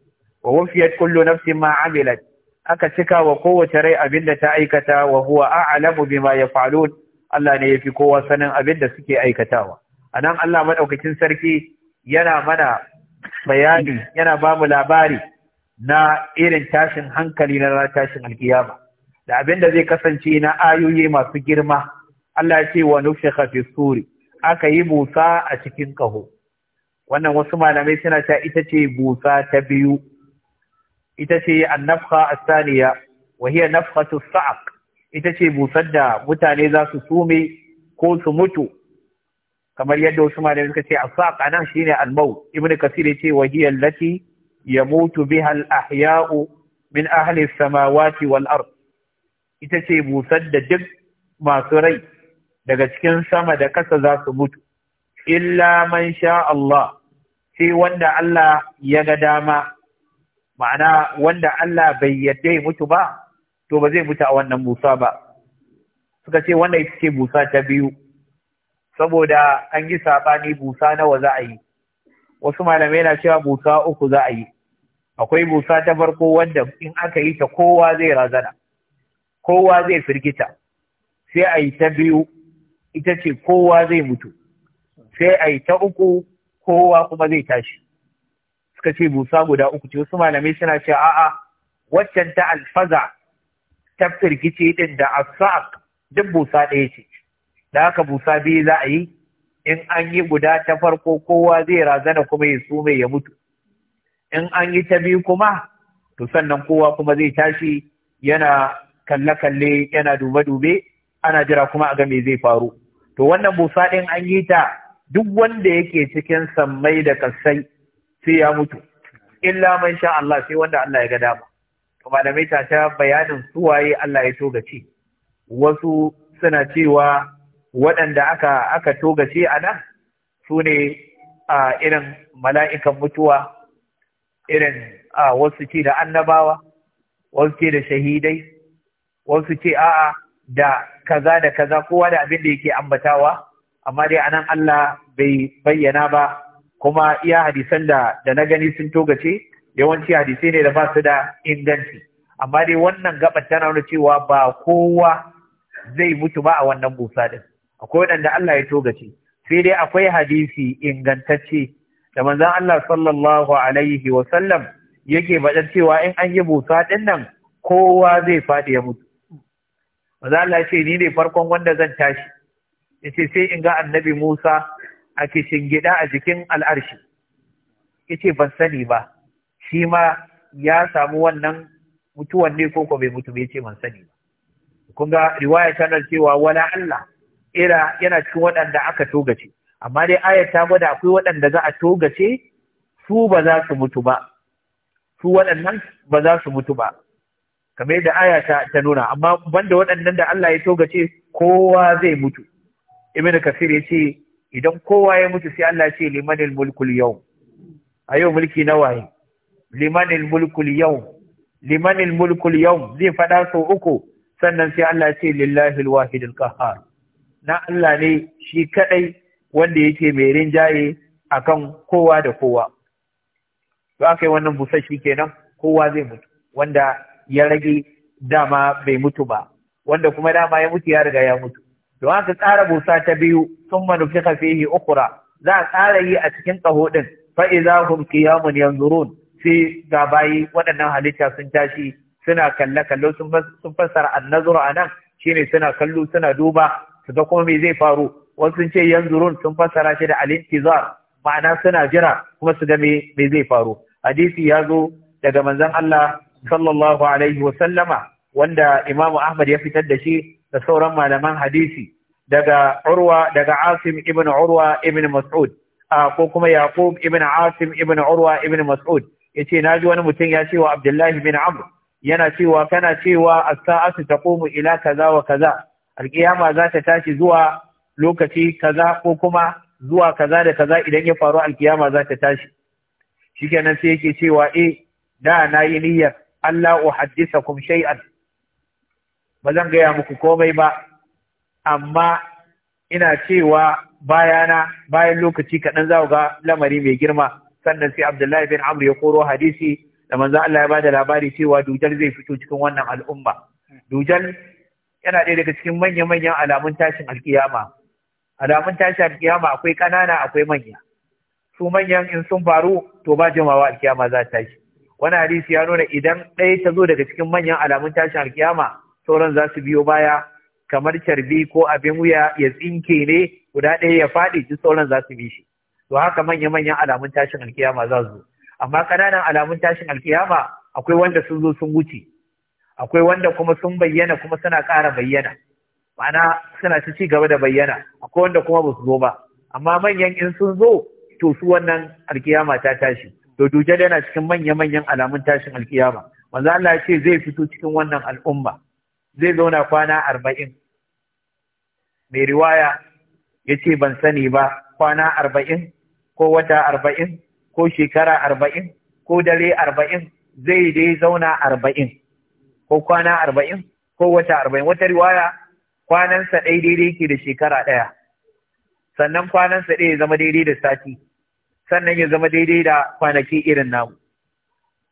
wa wufiyat kullu nafsin ma amilat aka cika wa kowace rai abin da ta aikata wa huwa a'lamu bima yaf'alun Allah ne yafi kowa sanin da suke aikatawa anan Allah madaukakin sarki yana mana bayani yana ba mu labari na irin tashin hankali na tashin alkiyama da abinda zai kasance na ayoyi masu girma Allah ya ce wa nufi khafi suri aka yi busa a cikin ƙaho wannan wasu malamai suna ta ita ce busa ta biyu ita ce annafha Saniya, wa hiya nafhatu sa'aq ita ce busar da mutane za su sume ko su mutu kamar yadda wasu malamai suka ce as-sa'aq anan shine al-maut ibnu kasir yace wa hiya allati yamutu biha al-ahya'u min ahli as-samawati wal ard ita ce busar da duk masu rai daga cikin sama da kasa za su mutu illa man sha Allah sai wanda Allah ya ga dama ma'ana wanda Allah bai yadda ya mutu ba to ba zai mutu a wannan busa ba suka ce wannan ita ce busa ta biyu saboda an yi saɓani busa nawa za a yi wasu malamai na cewa busa uku za a yi akwai busa ta farko wanda in aka yi ta kowa zai razana kowa zai firgita sai a yi ta biyu ita ce kowa zai mutu sai a yi ta uku kowa kuma zai tashi suka ce busa guda uku ce wasu malamai suna ce a'a waccan ta alfaza ta firgice din da asaq duk busa ɗaya ce da haka busa biyu za a yi in an yi guda ta farko kowa zai razana kuma ya sume ya mutu in an yi ta biyu kuma to sannan kowa kuma zai tashi yana kalle-kalle yana dube-dube ana jira kuma a ga me zai faru to wannan busa ɗin an yi ta duk wanda yake cikin sammai da kasai sai ya mutu illa man sha Allah sai wanda Allah ya ga dama to malamai ta ta bayanin suwaye Allah ya togace wasu suna cewa waɗanda aka aka togace a nan su ne a irin mala'ikan mutuwa irin a wasu ce da annabawa wasu ce da shahidai wasu ce a'a da kaza da kaza kowa da abin da yake ambatawa amma dai anan Allah bai bayyana ba kuma iya hadisan da da na gani sun togace yawanci hadisai ne da ba su da inganci amma dai wannan gabar tana nuna cewa ba kowa zai mutu ba a wannan busa din akwai waɗanda Allah ya togace sai dai akwai hadisi ingantacce da manzon Allah sallallahu alaihi wa sallam yake bada cewa in an yi busa din nan kowa zai fadi ya mutu maza Allah ce ni ne farkon wanda zan tashi yace sai in ga annabi Musa a kishin gida a jikin al'arshi yace ban sani ba shi ma ya samu wannan mutuwan ne ko ko bai mutu bai ce ban sani ba kun ga riwaya tana cewa wala Allah ira yana cikin waɗanda aka togace amma dai ayat ta gwada akwai waɗanda za a togace su ba za su mutu ba su waɗannan ba za su mutu ba kamar da aya ta, ta nuna amma banda waɗannan da Allah ya ce kowa zai mutu ibnu kasir ya ce idan kowa ya mutu sai Allah ce limanil mulkul yau a yau mulki na waye limanil mulkul yau limanil mulkul yau zai faɗa sau uku sannan sai Allah ce lillahi alwahidul qahhar na Allah ne shi kadai wanda yake mai rinjaye akan kowa da kowa to akai wannan busashi kenan kowa zai mutu wanda ya rage dama bai mutu ba wanda kuma dama ya mutu ya riga ya mutu to haka tsara busa ta biyu sun manufi kafihi ukura za a tsara yi a cikin ƙaho ɗin fa idza hum qiyamun yanzurun sai ga bayi waɗannan halitta sun tashi suna kalle kallo sun fassara annazuru anan shine suna kallo suna duba su ga kuma me zai faru wasu sun ce yanzurun sun fassara shi da alintizar ma'ana suna jira kuma su ga me zai faru hadisi ya zo daga manzon Allah sallallahu alaihi wa sallama wanda Imam Ahmad ya fitar da shi da sauran malaman hadisi daga Urwa daga Asim ibn Urwa ibn Mas'ud ko kuma Yaqub ibn Asim ibn Urwa ibn Mas'ud yace naji wani mutum ya ce wa Abdullahi bin Amr yana cewa kana cewa as-sa'atu taqumu ila kaza wa kaza al-qiyama za ta tashi zuwa lokaci kaza ko kuma zuwa kaza da kaza idan ya faru al alkiyama za ta tashi shikenan sai yake cewa eh da na yi niyyar Allah kum shay'an ba zan gaya muku komai ba amma ina cewa bayana bayan lokaci kaɗan za ga lamari mai girma sannan sai Abdullahi bin Amr ya koro hadisi da manzo Allah ya bada labari cewa dujal zai fito cikin wannan al'umma dujal yana ɗaya daga cikin manya-manyan alamun tashin alkiyama alamun tashin alkiyama akwai ƙanana akwai manya su manyan in sun faru to ba jimawa alkiyama za ta tashi wani hadisi ya nuna idan ɗaya ta zo daga cikin manyan alamun tashin alkiyama sauran za su biyo baya kamar carbi ko abin wuya ya tsinke ne guda ɗaya ya faɗi duk sauran za su bi shi to haka manya-manyan alamun tashin alkiyama za su amma ƙananan alamun tashin alkiyama akwai wanda sun zo sun wuce akwai wanda kuma sun bayyana kuma suna ƙara bayyana ma'ana suna ta ci gaba da bayyana akwai wanda kuma ba su zo ba amma manyan in sun zo to su wannan alkiyama ta tashi to dujal yana cikin manya-manyan alamun tashin alkiyama manzo Allah ya ce zai fito cikin wannan al'umma zai zauna kwana arba'in mai riwaya ya ce ban sani ba kwana arba'in ko wata arba'in ko shekara arba'in ko dare arba'in zai dai zauna arba'in ko kwana arba'in ko wata arba'in wata riwaya kwanansa ɗai daidai ke da shekara ɗaya sannan kwanansa ɗaya ya zama daidai da sati sannan ya zama daidai da kwanaki irin namu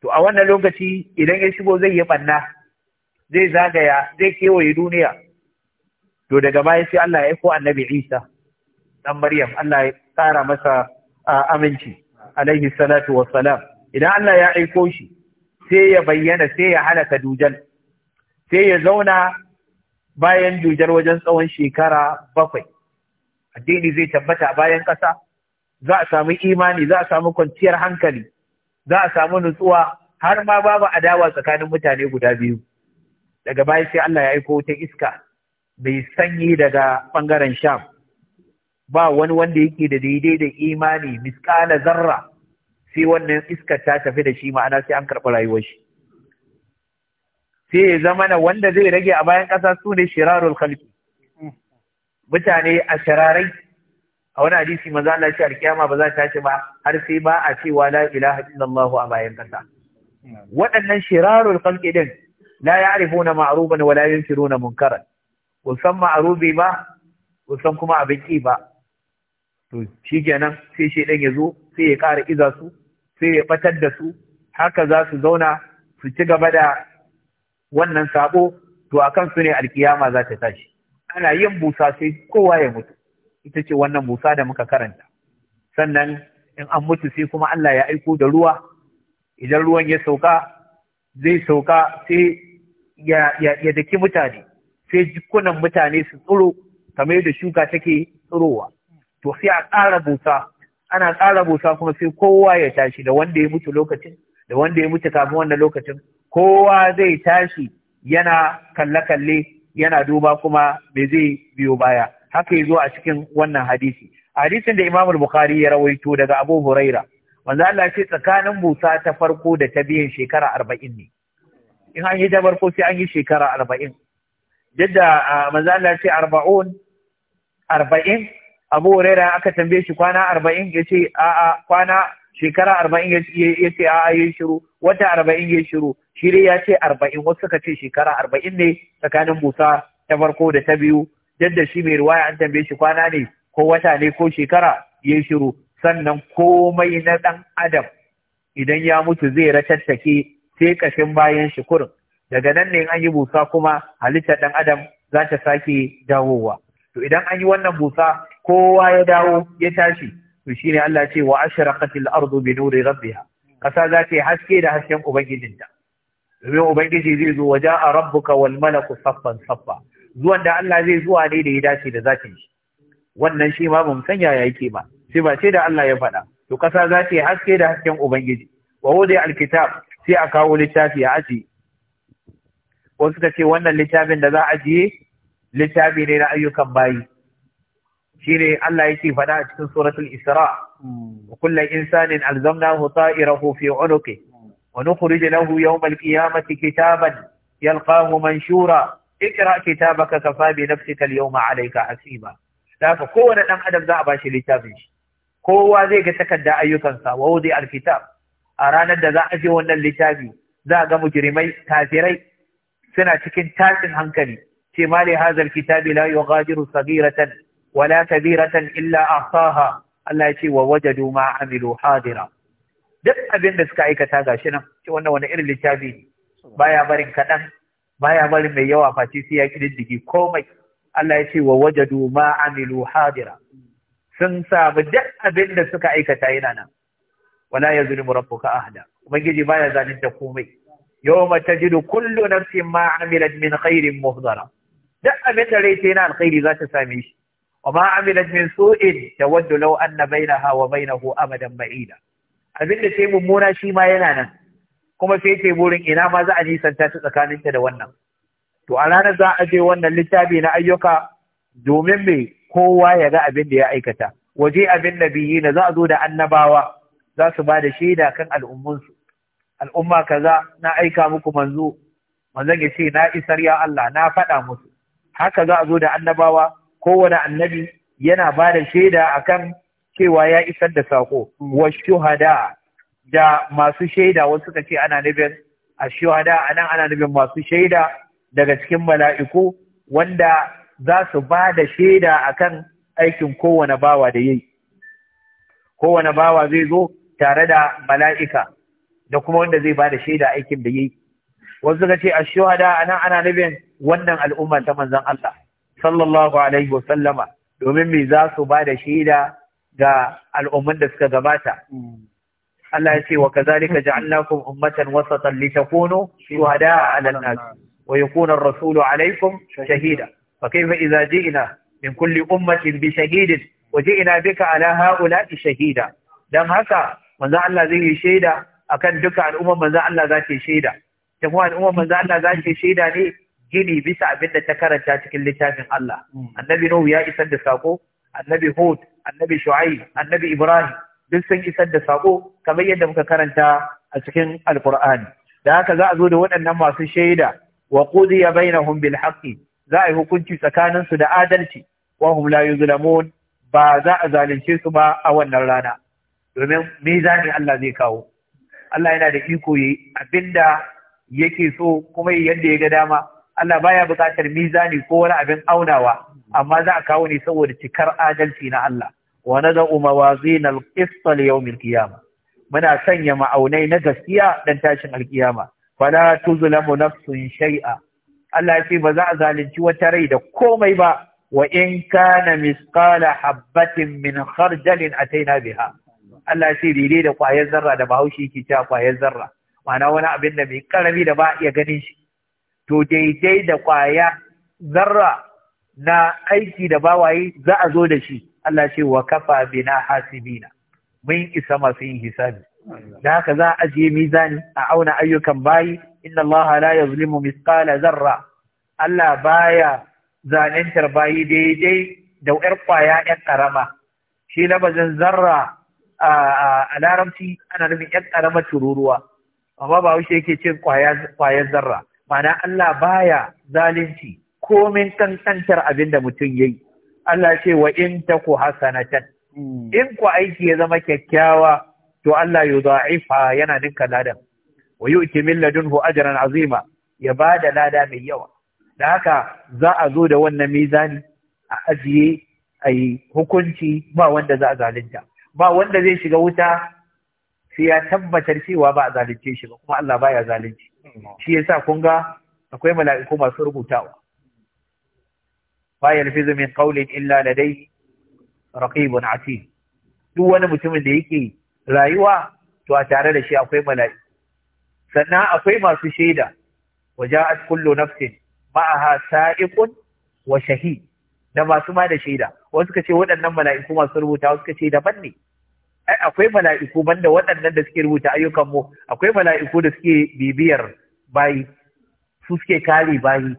to a wannan lokaci idan ya shigo zai yi ɓanna, zai zagaya zai kewaye duniya to daga baya sai Allah ya aiko annabi Isa dan Maryam Allah ya ƙara masa aminci alaihi salatu salam. idan Allah ya aiko shi sai ya bayyana sai ya halaka dujal sai ya zauna bayan dujal wajen tsawon shekara bakwai addini zai tabbata bayan ƙasa za a samu imani za a samu kwanciyar hankali za a samu nutsuwa har ma babu adawa tsakanin mutane guda biyu daga baya sai Allah ya aiko wata iska mai sanyi daga ɓangaren sham ba wani wanda yake da daidai da imani miskala zarra sai wannan iska ta tafi da shi ma'ana sai an karɓi rayuwar shi sai ya zama na wanda zai rage a bayan ƙasa su ne shirarul khalqi mutane a shirarai a wani hadisi manzo Allah ya ce alkiyama ba za ta tashi ba har sai ba a cewa la ilaha illallah a bayan kasa waɗannan shirarul khalqi din la ya'rifuna ma'ruban wa la yunkiruna munkaran ba san ma'rubi ba ba san kuma abin ki ba to shikenan sai shi ya yazo, sai ya ƙara iza su sai ya batar da su haka za su zauna su ci gaba da wannan sabo to akan su ne alkiyama za ta tashi ana yin busa sai kowa ya mutu ita ce wannan musa da muka karanta sannan in an mutu sai kuma Allah ya aiko da ruwa idan ruwan ya sauka zai sauka sai ya, daki mutane sai jikunan mutane su tsiro kamar yadda shuka take tsirowa to sai a ƙara busa ana ƙara busa kuma sai kowa ya tashi da wanda ya mutu lokacin da wanda ya mutu kafin wannan lokacin kowa zai tashi yana kalle-kalle yana duba kuma me zai biyo baya haka yazo a cikin wannan hadisi hadisin da Imam Bukhari ya rawaito daga Abu Huraira manzo Allah ce tsakanin busa ta farko da ta biyan shekara arba'in ne in an yi ta farko sai an yi shekara arba'in jadda manzo Allah ce 40 arba'in Abu Huraira aka tambaye shi kwana arba'in yace a a'a kwana shekara arba'in yace a a'a ya shiru wata arba'in ya shiru shiri ya ce arba'in wasu suka ce shekara arba'in ne tsakanin busa ta farko da ta biyu yadda shi mai riwaya an tambaye shi kwana ne ko wata ne ko shekara ya shiru sannan komai na ɗan adam idan ya mutu zai ratattake sai kashin bayan shi kurin daga nan ne an yi busa kuma halittar ɗan adam za ta sake dawowa to idan an yi wannan busa kowa ya dawo ya tashi to shine Allah ce wa ashraqatil ardu bi nuri rabbiha kasa za ta yi haske da hasken ubangijinta domin ubangiji zai zo waja a rabbuka wal malaku saffan saffa zuwan da Allah zai zuwa ne da ya dace da zatin shi wannan shi ma bamu sanya ya yake ba sai ba ce da Allah ya faɗa to ƙasa za ta yi haske da hasken ubangiji wa wudi alkitab sai a kawo littafi a aji wasu suka ce wannan littafin da za a ajiye littafi ne na ayyukan bayi Shi ne Allah ya ce faɗa a cikin suratul Isra kullu insanin alzamnahu ta'irahu fi 'unuqi wa nukhrij lahu yawm qiyamati kitaban yalqahu manshura ikra kitabaka kafa bi nafsika al-yawma alayka hasiba haka kowane dan adam za a bashi littafin shi kowa zai ga takarda ayyukansa wa wudi al-kitab a ranar da za a je wannan littafi za a ga mujrimai kafirai suna cikin tashin hankali ce ma li kitabi la yughadiru wala kabiratan illa ahsaha Allah ya ce wa wajadu ma amilu hadira duk abin da suka aikata gashi nan ce wannan wani irin littafi ne baya barin kaɗan baya bari mai yawa face sai ya kididdigi komai Allah ya ce wa wajadu ma amilu hadira sun samu duk abin da suka aikata yana nan wala yazlimu rabbuka ahada ubangiji baya da komai yawma tajidu kullu nafsin ma amilat min khairin muhdara duk abin da rai yana alkhairi za ta same shi وما عملت من سوء تود hawa أن بينها وبينه abadan ba'ida. abin da sai mummuna shi ma yana nan kuma sai yake burin ina ma za a nisanta ta tsakaninta da wannan to a ranar za a je wannan littafi na ayyuka domin mai kowa ya ga abin da ya aikata waje abin da biyi na za a zo da annabawa za su ba da shaida kan al'ummansu. al'umma kaza na aika muku manzo manzon ya ce na isar ya Allah na faɗa musu haka za a zo da annabawa kowane annabi yana ba da shaida akan cewa ya isar da sako mm. wa shuhada da masu shaida wasu suka ce ana nufin a anan ana nufin masu shaida daga cikin mala'iku wanda za su ba da shaida akan aikin kowane bawa da yi kowane bawa zai zo tare da mala'ika da kuma wanda zai ba da shaida aikin da yi wasu suka ce a anan ana nufin wannan al'umma ta manzan Allah sallallahu alaihi wa sallama domin me za su ba da shaida ga al'umman da suka gabata mm. Allah ya ce wa kazalika ja'alnakum ummatan wasatan litakunu shuhada'a 'ala an-nas wa yakuna ar-rasulu 'alaykum shahida fa kayfa idza ji'na min kulli ummatin bi shahidin wa ji'na bika 'ala ha'ula'i shahida dan haka manzo Allah zai yi shaida akan duka al'umma manzo Allah za ta shaida dan kuma al'umma manzo Allah za ta shaida ne gini bisa abin da ta karanta cikin littafin Allah hmm. annabi Nuhu ya isar da sako annabi Hud annabi Shu'aib annabi Ibrahim duk sun isar da sako kamar yadda muka karanta a cikin alkur'ani da haka za a zo da waɗannan masu shaida wa ya bayyana bil haqqi za a yi hukunci tsakanin su da adalci wa hum la yuzlamun ba za a zalunce su ba a wannan rana domin mizani Allah zai kawo Allah yana da iko yi abinda yake so kuma yadda ya ga dama Allah baya buƙatar mizani ko wani abin aunawa amma za a kawo ne saboda cikar adalci na Allah wa nada'u mawazin al-qist li yawm al-qiyamah muna sanya ma'aunai na gaskiya dan tashin al-qiyama fala tuzlamu nafsun shay'a Allah ya ce ba za a zalunci wata rai da komai ba wa in kana misqala habatin min khardalin ataina biha Allah ya ce daidai da kwayar zarra da bahaushe yake cewa kwayar zarra ma'ana wani abin da bai karami da ba iya ganin shi to daidai da kwaya zarra na aiki da bawaye za a zo da shi Allah ce wa kafa bina hasibina mun isa masu yin hisabi da haka za a ajiye mizani a auna ayyukan bayi inna Allah la yuzlimu mithqala zarra Allah baya zalintar bayi daidai da ƴar kwaya ƴan karama shi labazin zarra a larabci ana nufin ƴan karama tururuwa amma ba wuce yake cin kwayar zarra ma'ana Allah baya zalunci komin kankantar abin da mutum yayi Allah ce wa in taku hasanatan hmm. in ku aiki ya zama kyakkyawa to Allah ya yudha'ifa yana ninka ladan wa yu'ti min ladunhu ajran azima ya bada lada mai yawa da haka za a zo da wannan mizani a ajiye a hukunci ba wanda za a zalunta ba wanda zai shiga wuta sai ya tabbatar cewa ba a zalunce shi ba kuma Allah baya zalunci hmm. shi yasa kun ga akwai mala'iku masu rubutawa ba yalfizu zumin kaulin illa da dai, raqibun atid duk wani mutumin da yake rayuwa to a tare da shi akwai mala'i sannan akwai masu shaida a kullo nafsin ma'aha sa'iqun wa shahi da masu ma da shaida wasu suka ce waɗannan mala'iku masu rubuta wasu suka ce daban ne ai akwai mala'iku banda waɗannan da suke rubuta ayyukan mu akwai mala'iku da suke bibiyar bayi su suke kare bayi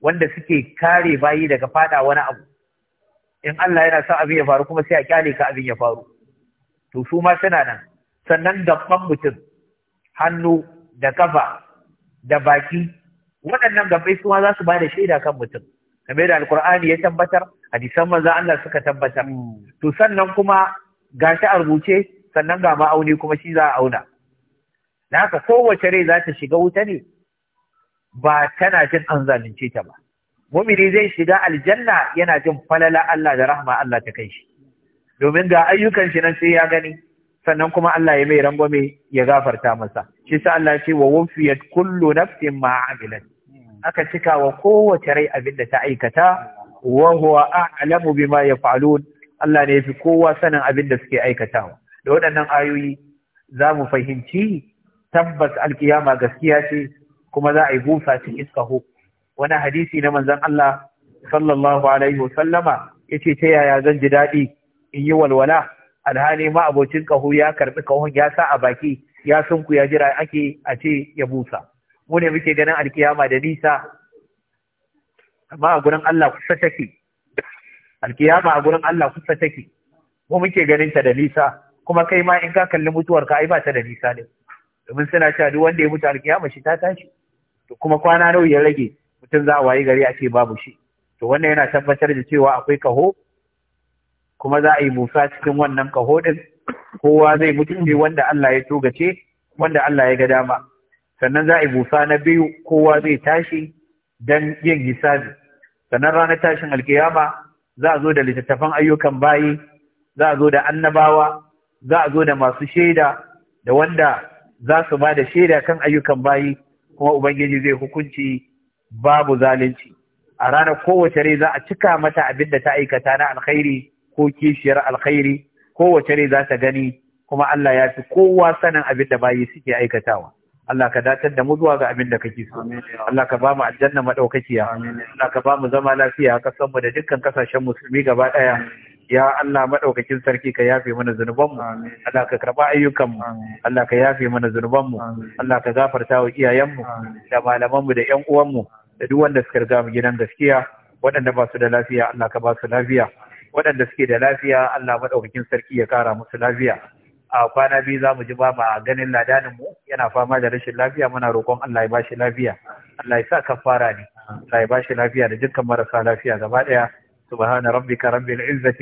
wanda suke kare bayi daga fada wani abu in Allah yana sa abin ya faru kuma sai a kyale ka abin ya faru to su ma suna nan sannan gaban mutum hannu da kafa da baki waɗannan gabai su ma za su ba da shaida kan mutum kamar da alkur'ani ya tabbatar hadisan manzo Allah suka tabbatar to sannan kuma ga gashi a rubuce sannan ga ma'auni kuma shi za a auna da haka kowace rai za ta shiga wuta ne ba tana jin an zalunce ta ba mumini zai shiga aljanna yana jin falala Allah da rahma Allah ta kai shi domin ga ayyukan shi nan sai ya gani sannan kuma Allah ya mai rangwame ya gafarta masa shi sa Allah ce wa wufiyat kullu nafsin ma amilat aka cika wa kowace rai abin da ta aikata wa huwa a'lamu bima yaf'alun Allah ne fi kowa sanin abin da suke aikatawa da waɗannan ayoyi za mu fahimci tabbas alkiyama gaskiya ce kuma za a yi busa cin kaho. wani hadisi na manzan Allah sallallahu alaihi wa sallama ce ta yaya zan ji daɗi in yi walwala alhali ma abocin kaho ya karɓi kahon ya sa a baki ya sunku ya jira ake a ce ya busa mu ne muke ganin alkiyama da nisa amma a gurin Allah kusa take alkiyama a gurin Allah kusa take mu muke ganin ta da nisa kuma kai ma in ka kalli mutuwar ka ai ba ta da nisa ne domin suna cewa duk wanda ya mutu alkiyama shi ta tashi to kuma kwana nawa ya rage mutum za a wayi gari a ce babu shi to wannan yana tabbatar da cewa akwai kaho kuma za a yi musa cikin wannan kaho din kowa zai mutu ne wanda Allah ya togace wanda Allah ya ga dama sannan za a yi musa na biyu kowa zai tashi dan yin hisabi sannan ranar tashin alkiyama za a zo da littattafan ayyukan bayi za a zo da annabawa za a zo da masu shaida da wanda za su ba da shaida kan ayyukan bayi kuma ubangiji zai hukunci babu zalunci a ranar kowace rai za a cika mata abin da ta aikata na alkhairi ko kishiyar alkhairi kowace rai za ta gani kuma Allah ya fi kowa sanin abin da bayi suke aikatawa Allah ka datar da mu zuwa ga abin da kake so Allah ka ba mu aljanna madaukakiya Allah ka ba mu zama lafiya a kasanmu da dukkan kasashen musulmi gaba ɗaya ya Allah maɗaukakin sarki ka yafe mana zunubanmu Allah ka karɓa ayyukanmu Allah ka yafe mana zunubanmu Allah ka gafarta wa iyayenmu da malamanmu da ƴan uwanmu da duk wanda suka riga mu gidan gaskiya waɗanda ba su da lafiya Allah ka ba su lafiya waɗanda suke da lafiya Allah maɗaukakin sarki ya kara musu lafiya a kwana biyu za mu ji ba ma ganin ladanin mu yana fama da rashin lafiya muna roƙon Allah ya bashi lafiya Allah ya sa kafara ne Allah ya bashi lafiya da dukkan marasa lafiya gaba ɗaya subhana rabbika rabbil izzati